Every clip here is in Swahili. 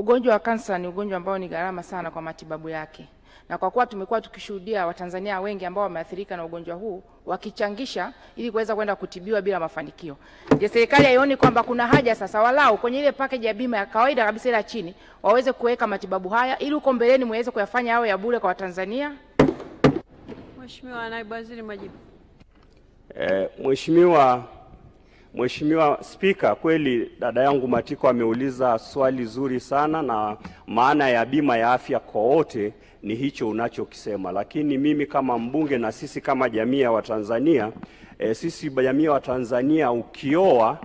Ugonjwa wa kansa ni ugonjwa ambao ni gharama sana kwa matibabu yake, na kwa kuwa tumekuwa tukishuhudia Watanzania wengi ambao wameathirika na ugonjwa huu wakichangisha ili kuweza kwenda kutibiwa bila mafanikio, je, serikali haioni kwamba kuna haja sasa walau kwenye ile package ya bima ya kawaida kabisa ile chini waweze kuweka matibabu haya ili uko mbeleni muweze kuyafanya yao ya bure kwa Watanzania? Mheshimiwa Naibu Waziri, majibu. Eh, Mheshimiwa Mheshimiwa Spika, kweli dada yangu Matiko ameuliza swali zuri sana, na maana ya bima ya afya kwa wote ni hicho unachokisema, lakini mimi kama mbunge na sisi kama jamii ya Watanzania e, sisi jamii ya Watanzania ukioa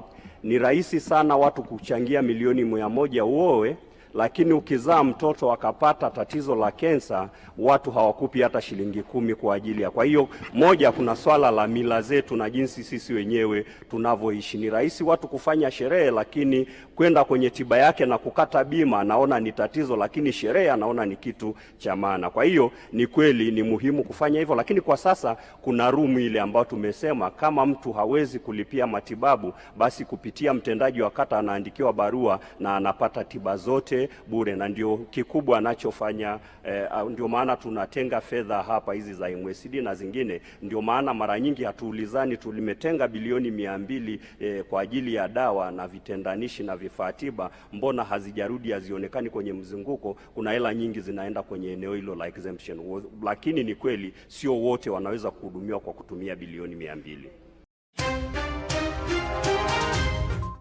ni rahisi sana watu kuchangia milioni mia moja uowe lakini ukizaa mtoto akapata tatizo la kensa, watu hawakupi hata shilingi kumi kwa ajili ya. Kwa hiyo moja, kuna swala la mila zetu na jinsi sisi wenyewe tunavyoishi. Ni rahisi watu kufanya sherehe, lakini kwenda kwenye tiba yake na kukata bima anaona ni tatizo, lakini sherehe anaona ni kitu cha maana. Kwa hiyo ni kweli ni muhimu kufanya hivyo, lakini kwa sasa kuna rumu ile ambayo tumesema kama mtu hawezi kulipia matibabu, basi kupitia mtendaji wa kata anaandikiwa barua na anapata tiba zote bure na ndio kikubwa anachofanya eh, ndio maana tunatenga fedha hapa hizi za MSD na zingine. Ndio maana mara nyingi hatuulizani tulimetenga bilioni mia mbili eh, kwa ajili ya dawa na vitendanishi na vifaa tiba, mbona hazijarudi hazionekani kwenye mzunguko? Kuna hela nyingi zinaenda kwenye eneo hilo la exemption, lakini ni kweli sio wote wanaweza kuhudumiwa kwa kutumia bilioni mia mbili.